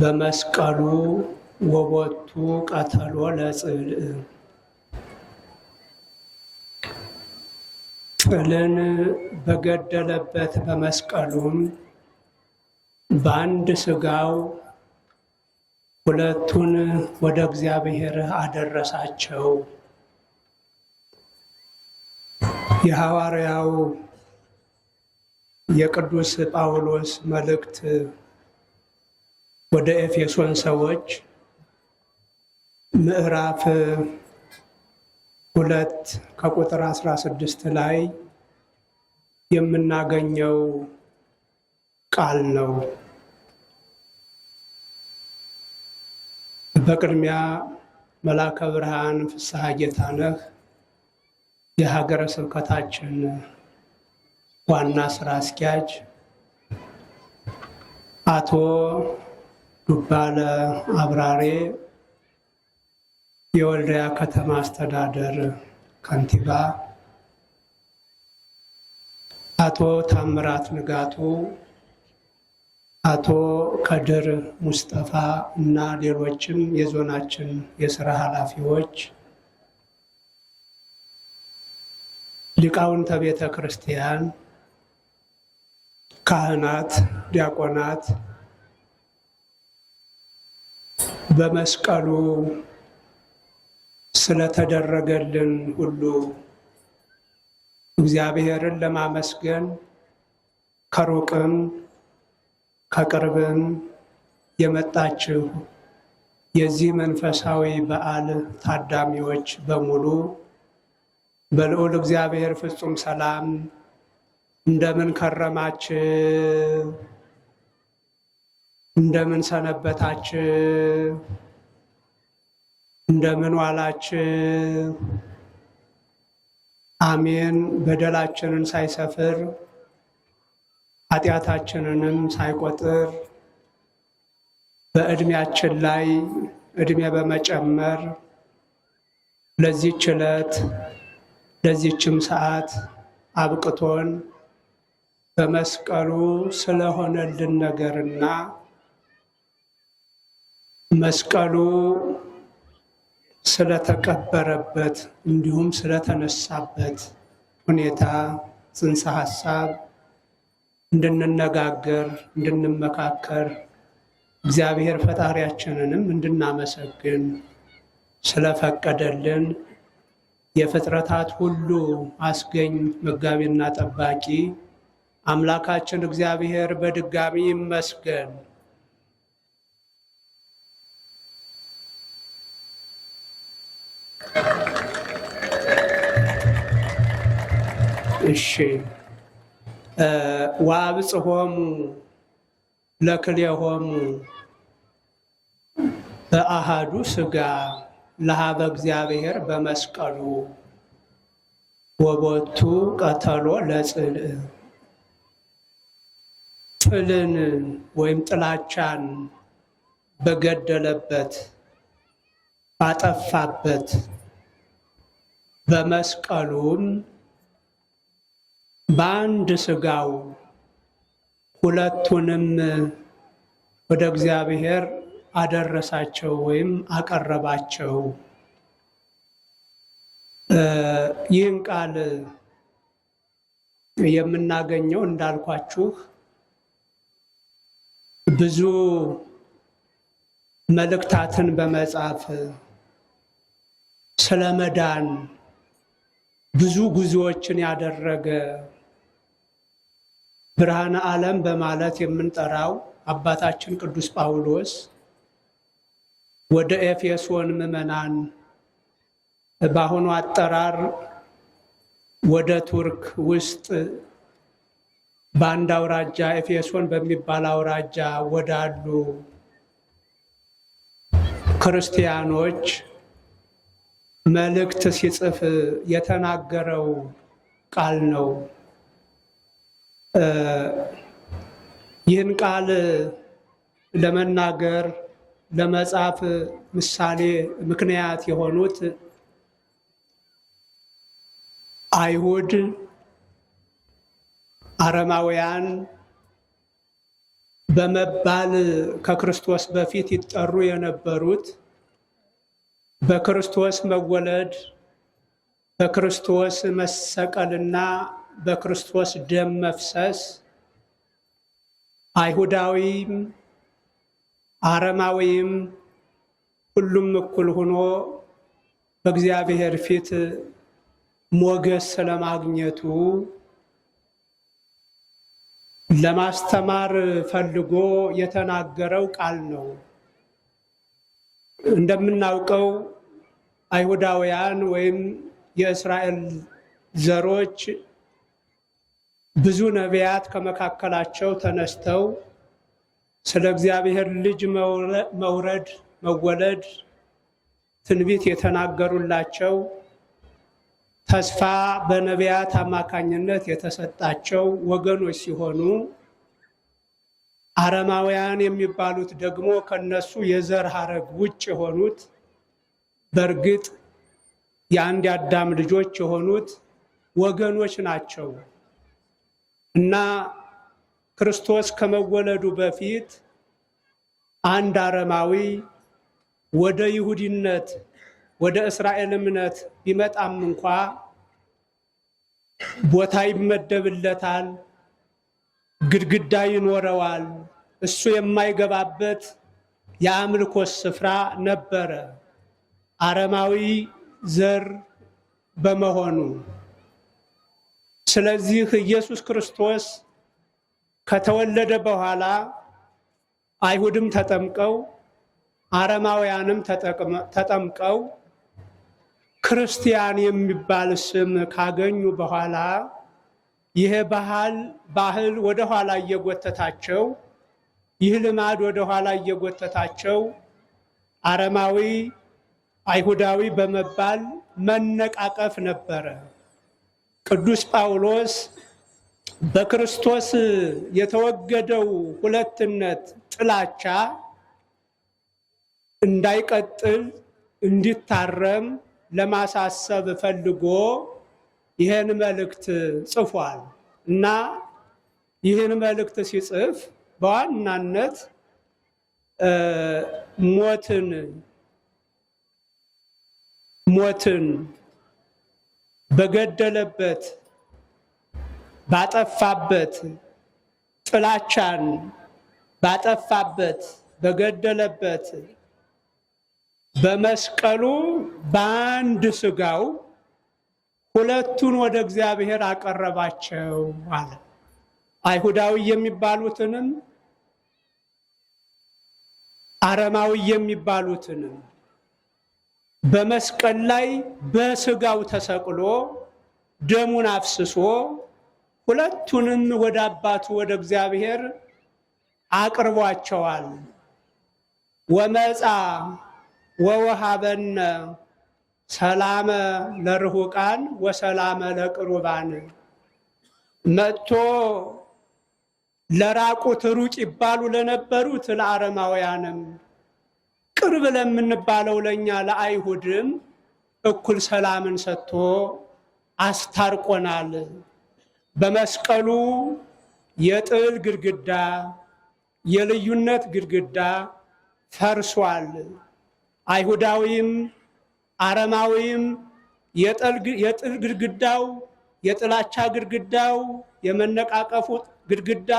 በመስቀሉ ወቦቱ ቀተሎ ለጽልእ ጥልን በገደለበት በመስቀሉም በአንድ ስጋው ሁለቱን ወደ እግዚአብሔር አደረሳቸው። የሐዋርያው የቅዱስ ጳውሎስ መልእክት ወደ ኤፌሶን ሰዎች ምዕራፍ ሁለት ከቁጥር 16 ላይ የምናገኘው ቃል ነው። በቅድሚያ መላከ ብርሃን ፍስሐ ጌታነህ የሀገረ ስብከታችን ዋና ስራ አስኪያጅ አቶ ባለ አብራሬ የወልዲያ ከተማ አስተዳደር ከንቲባ፣ አቶ ታምራት ንጋቱ፣ አቶ ከድር ሙስጠፋ እና ሌሎችም የዞናችን የስራ ኃላፊዎች፣ ሊቃውንተ ቤተ ክርስቲያን፣ ካህናት፣ ዲያቆናት በመስቀሉ ስለተደረገልን ሁሉ እግዚአብሔርን ለማመስገን ከሩቅም ከቅርብም የመጣችሁ የዚህ መንፈሳዊ በዓል ታዳሚዎች በሙሉ በልዑል እግዚአብሔር ፍጹም ሰላም እንደምን ከረማችሁ? እንደምን ሰነበታች እንደምን ዋላች አሜን። በደላችንን ሳይሰፍር ኃጢአታችንንም ሳይቆጥር በእድሜያችን ላይ እድሜ በመጨመር ለዚህች ዕለት ለዚህችም ሰዓት አብቅቶን በመስቀሉ ስለሆነልን ነገርና መስቀሉ ስለተቀበረበት እንዲሁም ስለተነሳበት ሁኔታ ጽንሰ ሀሳብ እንድንነጋገር፣ እንድንመካከር እግዚአብሔር ፈጣሪያችንንም እንድናመሰግን ስለፈቀደልን የፍጥረታት ሁሉ አስገኝ መጋቢና ጠባቂ አምላካችን እግዚአብሔር በድጋሚ ይመስገን። እሺ ወአብጽሖሙ ለክልኤሆሙ በአሃዱ ስጋ ለሀበ እግዚአብሔር በመስቀሉ ወቦቱ ቀተሎ ለጽል ጥልን ወይም ጥላቻን በገደለበት ባጠፋበት በመስቀሉም በአንድ ስጋው ሁለቱንም ወደ እግዚአብሔር አደረሳቸው ወይም አቀረባቸው። ይህን ቃል የምናገኘው እንዳልኳችሁ ብዙ መልእክታትን በመጻፍ ስለመዳን ብዙ ጉዞዎችን ያደረገ ብርሃነ ዓለም በማለት የምንጠራው አባታችን ቅዱስ ጳውሎስ ወደ ኤፌሶን ምዕመናን በአሁኑ አጠራር ወደ ቱርክ ውስጥ በአንድ አውራጃ ኤፌሶን በሚባል አውራጃ ወዳሉ ክርስቲያኖች መልእክት ሲጽፍ የተናገረው ቃል ነው። ይህን ቃል ለመናገር ለመጻፍ ምሳሌ ምክንያት የሆኑት አይሁድ፣ አረማውያን በመባል ከክርስቶስ በፊት ይጠሩ የነበሩት በክርስቶስ መወለድ በክርስቶስ መሰቀልና በክርስቶስ ደም መፍሰስ አይሁዳዊም አረማዊም ሁሉም እኩል ሆኖ በእግዚአብሔር ፊት ሞገስ ስለማግኘቱ ለማስተማር ፈልጎ የተናገረው ቃል ነው። እንደምናውቀው አይሁዳውያን ወይም የእስራኤል ዘሮች ብዙ ነቢያት ከመካከላቸው ተነስተው ስለ እግዚአብሔር ልጅ መውረድ መወለድ ትንቢት የተናገሩላቸው ተስፋ በነቢያት አማካኝነት የተሰጣቸው ወገኖች ሲሆኑ አረማውያን የሚባሉት ደግሞ ከነሱ የዘር ሐረግ ውጭ የሆኑት በእርግጥ የአንድ አዳም ልጆች የሆኑት ወገኖች ናቸው። እና ክርስቶስ ከመወለዱ በፊት አንድ አረማዊ ወደ ይሁዲነት ወደ እስራኤል እምነት ቢመጣም እንኳ ቦታ ይመደብለታል፣ ግድግዳ ይኖረዋል። እሱ የማይገባበት የአምልኮ ስፍራ ነበረ አረማዊ ዘር በመሆኑ ስለዚህ ኢየሱስ ክርስቶስ ከተወለደ በኋላ አይሁድም ተጠምቀው አረማውያንም ተጠምቀው ክርስቲያን የሚባል ስም ካገኙ በኋላ ይሄ ባህል ባህል ወደ ኋላ እየጎተታቸው ይህ ልማድ ወደ ኋላ እየጎተታቸው አረማዊ አይሁዳዊ በመባል መነቃቀፍ ነበረ። ቅዱስ ጳውሎስ በክርስቶስ የተወገደው ሁለትነት ጥላቻ እንዳይቀጥል እንዲታረም ለማሳሰብ ፈልጎ ይህን መልእክት ጽፏል እና ይህን መልእክት ሲጽፍ በዋናነት ሞትን ሞትን በገደለበት ባጠፋበት ጥላቻን ባጠፋበት በገደለበት በመስቀሉ በአንድ ስጋው ሁለቱን ወደ እግዚአብሔር አቀረባቸው አለ። አይሁዳዊ የሚባሉትንም አረማዊ የሚባሉትንም በመስቀል ላይ በስጋው ተሰቅሎ ደሙን አፍስሶ ሁለቱንም ወደ አባቱ ወደ እግዚአብሔር አቅርቧቸዋል። ወመፃ ወወሃበነ ሰላመ ለርሁቃን ወሰላመ ለቅሩባን። መጥቶ ለራቁት ሩቅ ይባሉ ለነበሩት ለአረማውያንም ብለን የምንባለው ለእኛ ለአይሁድም እኩል ሰላምን ሰጥቶ አስታርቆናል። በመስቀሉ የጥል ግድግዳ፣ የልዩነት ግድግዳ ፈርሷል። አይሁዳዊም አረማዊም የጥል ግድግዳው የጥላቻ ግድግዳው የመነቃቀፉ ግድግዳ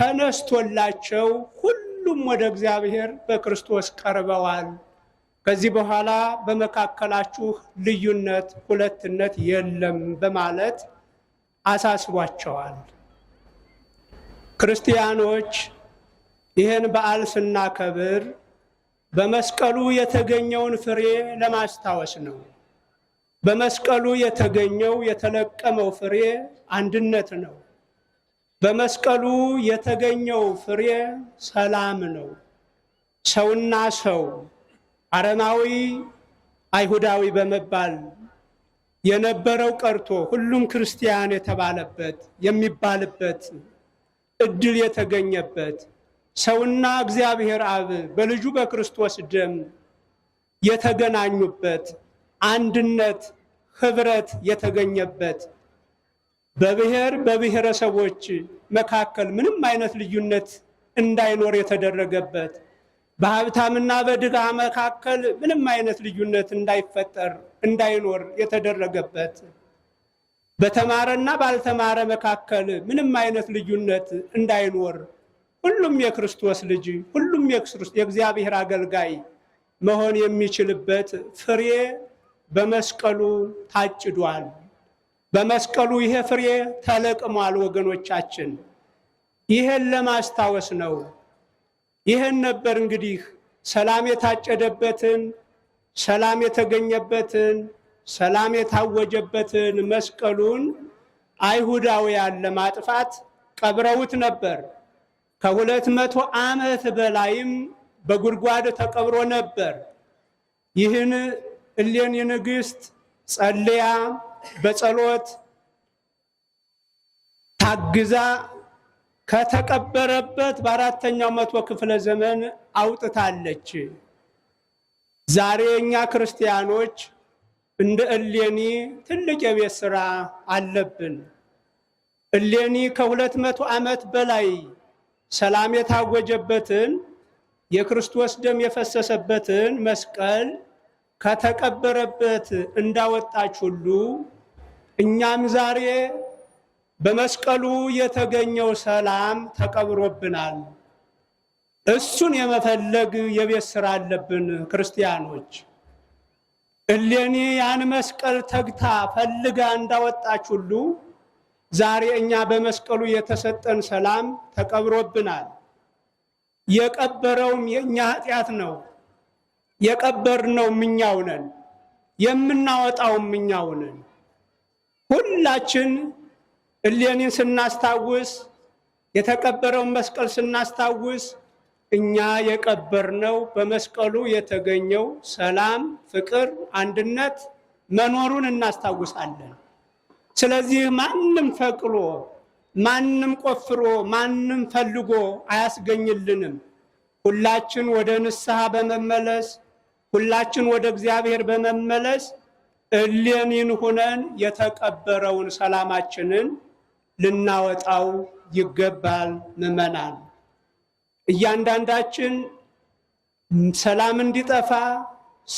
ተነስቶላቸው ሁሉ ሁሉም ወደ እግዚአብሔር በክርስቶስ ቀርበዋል። ከዚህ በኋላ በመካከላችሁ ልዩነት፣ ሁለትነት የለም በማለት አሳስቧቸዋል። ክርስቲያኖች ይህን በዓል ስናከብር በመስቀሉ የተገኘውን ፍሬ ለማስታወስ ነው። በመስቀሉ የተገኘው የተለቀመው ፍሬ አንድነት ነው። በመስቀሉ የተገኘው ፍሬ ሰላም ነው። ሰውና ሰው አረማዊ አይሁዳዊ በመባል የነበረው ቀርቶ ሁሉም ክርስቲያን የተባለበት የሚባልበት እድል የተገኘበት ሰውና እግዚአብሔር አብ በልጁ በክርስቶስ ደም የተገናኙበት አንድነት፣ ህብረት የተገኘበት በብሔር በብሔረሰቦች መካከል ምንም አይነት ልዩነት እንዳይኖር የተደረገበት በሀብታምና በድሃ መካከል ምንም አይነት ልዩነት እንዳይፈጠር እንዳይኖር የተደረገበት በተማረና ባልተማረ መካከል ምንም አይነት ልዩነት እንዳይኖር ሁሉም የክርስቶስ ልጅ ሁሉም የእግዚአብሔር አገልጋይ መሆን የሚችልበት ፍሬ በመስቀሉ ታጭዷል። በመስቀሉ ይሄ ፍሬ ተለቅሟል። ወገኖቻችን ይህን ለማስታወስ ነው። ይህን ነበር እንግዲህ ሰላም የታጨደበትን፣ ሰላም የተገኘበትን፣ ሰላም የታወጀበትን መስቀሉን አይሁዳውያን ለማጥፋት ቀብረውት ነበር። ከሁለት መቶ ዓመት በላይም በጉድጓድ ተቀብሮ ነበር። ይህን እሌኒ ንግሥት ጸልያ በጸሎት ታግዛ ከተቀበረበት በአራተኛው መቶ ክፍለ ዘመን አውጥታለች። ዛሬ እኛ ክርስቲያኖች እንደ እሌኒ ትልቅ የቤት ስራ አለብን። እሌኒ ከሁለት መቶ ዓመት በላይ ሰላም የታወጀበትን የክርስቶስ ደም የፈሰሰበትን መስቀል ከተቀበረበት እንዳወጣች ሁሉ እኛም ዛሬ በመስቀሉ የተገኘው ሰላም ተቀብሮብናል። እሱን የመፈለግ የቤት ስራ አለብን። ክርስቲያኖች እሌኒ ያን መስቀል ተግታ ፈልጋ እንዳወጣች ሁሉ ዛሬ እኛ በመስቀሉ የተሰጠን ሰላም ተቀብሮብናል። የቀበረውም የእኛ ኃጢአት ነው። የቀበርነው እኛው ነን፣ የምናወጣው እኛው ነን። ሁላችን እሌኒን ስናስታውስ፣ የተቀበረውን መስቀል ስናስታውስ እኛ የቀበርነው በመስቀሉ የተገኘው ሰላም፣ ፍቅር፣ አንድነት መኖሩን እናስታውሳለን። ስለዚህ ማንም ፈቅሎ ማንም ቆፍሮ ማንም ፈልጎ አያስገኝልንም። ሁላችን ወደ ንስሐ በመመለስ ሁላችን ወደ እግዚአብሔር በመመለስ እሌኒን ሁነን የተቀበረውን ሰላማችንን ልናወጣው ይገባል። ምዕመናን እያንዳንዳችን ሰላም እንዲጠፋ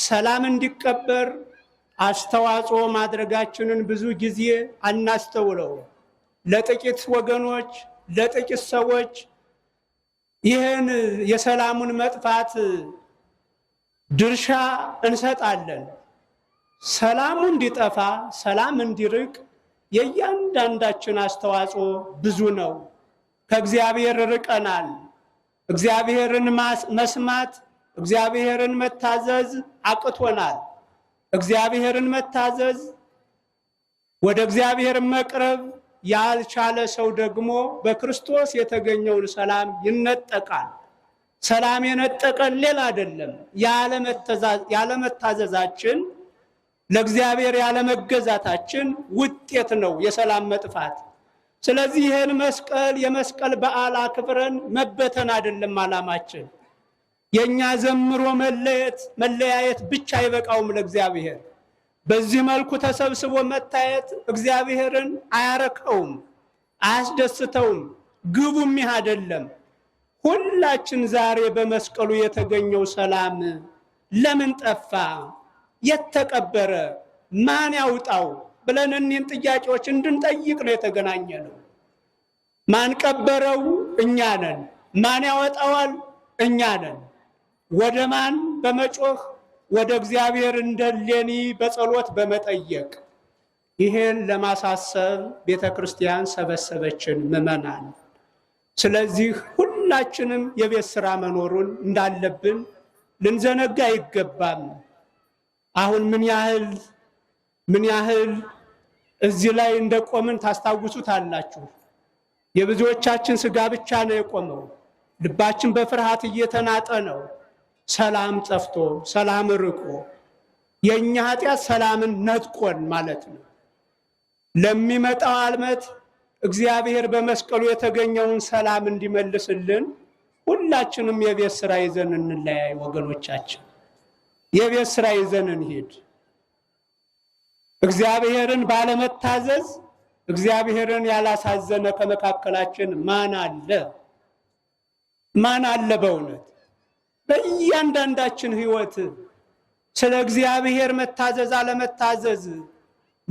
ሰላም እንዲቀበር አስተዋጽኦ ማድረጋችንን ብዙ ጊዜ አናስተውለው። ለጥቂት ወገኖች፣ ለጥቂት ሰዎች ይህን የሰላሙን መጥፋት ድርሻ እንሰጣለን። ሰላሙ እንዲጠፋ፣ ሰላም እንዲርቅ የእያንዳንዳችን አስተዋጽኦ ብዙ ነው። ከእግዚአብሔር ርቀናል። እግዚአብሔርን መስማት፣ እግዚአብሔርን መታዘዝ አቅቶናል። እግዚአብሔርን መታዘዝ፣ ወደ እግዚአብሔር መቅረብ ያልቻለ ሰው ደግሞ በክርስቶስ የተገኘውን ሰላም ይነጠቃል። ሰላም የነጠቀን ሌላ አይደለም፣ ያለመታዘዛችን ለእግዚአብሔር ያለመገዛታችን ውጤት ነው የሰላም መጥፋት። ስለዚህ ይህን መስቀል የመስቀል በዓል አክብረን መበተን አይደለም ዓላማችን። የእኛ ዘምሮ መለየት መለያየት ብቻ አይበቃውም ለእግዚአብሔር። በዚህ መልኩ ተሰብስቦ መታየት እግዚአብሔርን አያረከውም፣ አያስደስተውም። ግቡም ይህ አይደለም። ሁላችን ዛሬ በመስቀሉ የተገኘው ሰላም ለምን ጠፋ? የተቀበረ ማን ያውጣው ብለን እኒህን ጥያቄዎች እንድንጠይቅ ነው የተገናኘ ነው። ማን ቀበረው? እኛ ነን። ማን ያወጣዋል? እኛ ነን። ወደ ማን በመጮህ ወደ እግዚአብሔር እንደሌኒ በጸሎት በመጠየቅ ይሄን ለማሳሰብ ቤተ ክርስቲያን ሰበሰበችን ምዕመናን። ስለዚህ ሁላችንም የቤት ስራ መኖሩን እንዳለብን ልንዘነጋ አይገባም። አሁን ምን ያህል ምን ያህል እዚህ ላይ እንደቆምን ታስታውሱት አላችሁ። የብዙዎቻችን ስጋ ብቻ ነው የቆመው። ልባችን በፍርሃት እየተናጠ ነው። ሰላም ጠፍቶ ሰላም ርቆ የእኛ ኃጢአት ሰላምን ነጥቆን ማለት ነው ለሚመጣው አልመት እግዚአብሔር በመስቀሉ የተገኘውን ሰላም እንዲመልስልን ሁላችንም የቤት ስራ ይዘን እንለያይ። ወገኖቻችን የቤት ስራ ይዘን እንሂድ። እግዚአብሔርን ባለመታዘዝ እግዚአብሔርን ያላሳዘነ ከመካከላችን ማን አለ? ማን አለ? በእውነት በእያንዳንዳችን ህይወት ስለ እግዚአብሔር መታዘዝ አለመታዘዝ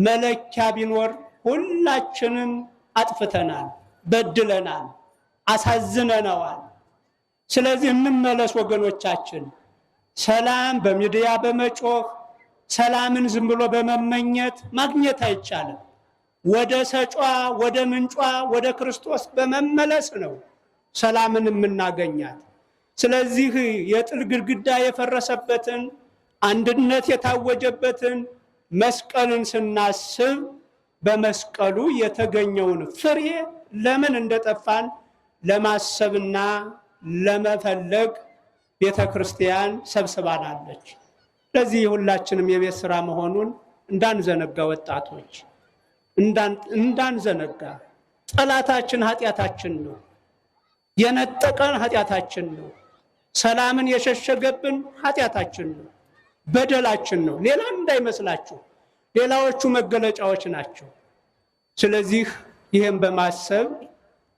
መለኪያ ቢኖር ሁላችንም አጥፍተናል፣ በድለናል፣ አሳዝነነዋል። ስለዚህ እንመለስ ወገኖቻችን። ሰላም በሚዲያ በመጮህ ሰላምን ዝም ብሎ በመመኘት ማግኘት አይቻልም። ወደ ሰጯ፣ ወደ ምንጯ፣ ወደ ክርስቶስ በመመለስ ነው ሰላምን የምናገኛት። ስለዚህ የጥል ግድግዳ የፈረሰበትን አንድነት የታወጀበትን መስቀልን ስናስብ በመስቀሉ የተገኘውን ፍሬ ለምን እንደጠፋን ለማሰብና ለመፈለግ ቤተ ክርስቲያን ሰብስባናለች። ለዚህ ሁላችንም የቤት ስራ መሆኑን እንዳንዘነጋ፣ ወጣቶች እንዳንዘነጋ። ጠላታችን ኃጢአታችን ነው። የነጠቀን ኃጢአታችን ነው። ሰላምን የሸሸገብን ኃጢአታችን ነው፣ በደላችን ነው። ሌላ እንዳይመስላችሁ። ሌላዎቹ መገለጫዎች ናቸው። ስለዚህ ይህም በማሰብ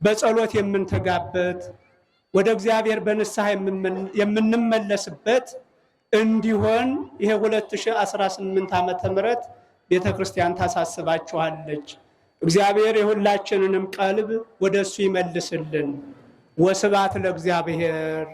በጸሎት የምንተጋበት ወደ እግዚአብሔር በንስሐ የምንመለስበት እንዲሆን ይሄ 2018 ዓመተ ምህረት ቤተ ክርስቲያን ታሳስባችኋለች። እግዚአብሔር የሁላችንንም ቀልብ ወደ እሱ ይመልስልን። ወስብሐት ለእግዚአብሔር።